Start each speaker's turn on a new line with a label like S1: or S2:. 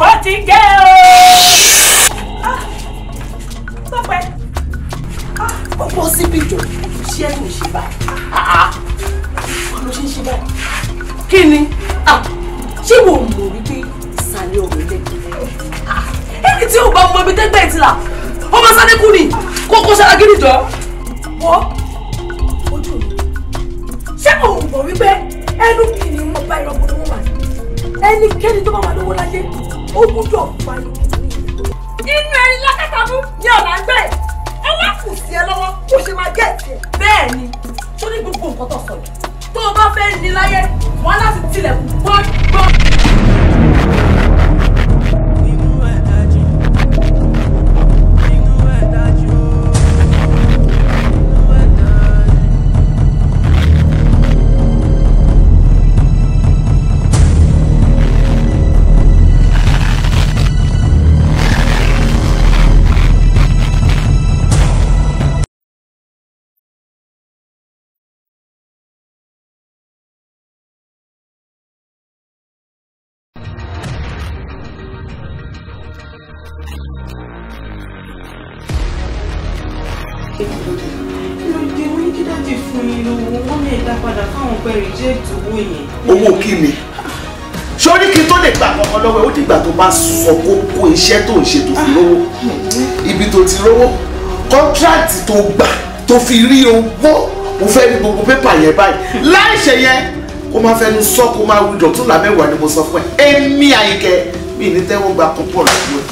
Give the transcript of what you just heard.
S1: ó ti jẹ́ o. tọ́pẹ́ ó bọ́ síbi jò ṣé ẹni ò ṣe báyìí wọ́n ló ṣe ń ṣe báyìí. kí ni ṣé wo mọ̀ wípé ìsàlẹ̀ ọ̀rọ̀ ilé ẹni tí ò bá mọ ibi tẹ́gbẹ́ ìtìlá ọmọ sáré kú ni kókó ṣàlàgídì jọ. wọ́n ojú mi ṣé mo mọ̀ wípé ẹnu kìíní mo bá ìrọ̀gbọ̀n lọ́wọ́ wà ẹnikẹ́ni tó bá wà lọ́wọ́ láyé ó gbúdọ̀ pa ibi inú ẹyin lákàtà mú ní ọ̀nà àgbẹ̀ ẹ wá kù sí ẹ lọ́wọ́ kó ṣe máa gẹ̀ẹ́tì bẹ́ẹ̀ ni tó ní gbogbo nǹkan tó sọ yìí tó o bá fẹ́ ní láyé wọn á tilẹ̀kùn bọ́ọ̀lù kékeré ló dé wọ́n ní kí dáàdì fún yín lówó wọ́n lè dá padà fáwọn ọ̀pẹ rìjẹ́ẹ̀tì owó yẹn. owó kí ni sórí kí tó lè gbà kankan lọ́wọ́ ó dìgbà tó bá sọ kókó iṣẹ́ tó ń ṣe tó fi lówó ibi tó ti rówó kọ́ńtíráàtì tó gbà tó fi rí owó mo fẹ́ rí gbogbo pépà yẹn báyìí láìṣe yẹn kó máa fẹnu sọ kó máa wí dọ̀tún làmẹ́wàá ni mo sọ fún ẹ èmi àyíkẹ́ mi ní tẹ́wọ́ gba púpọ̀ lọ́wọ́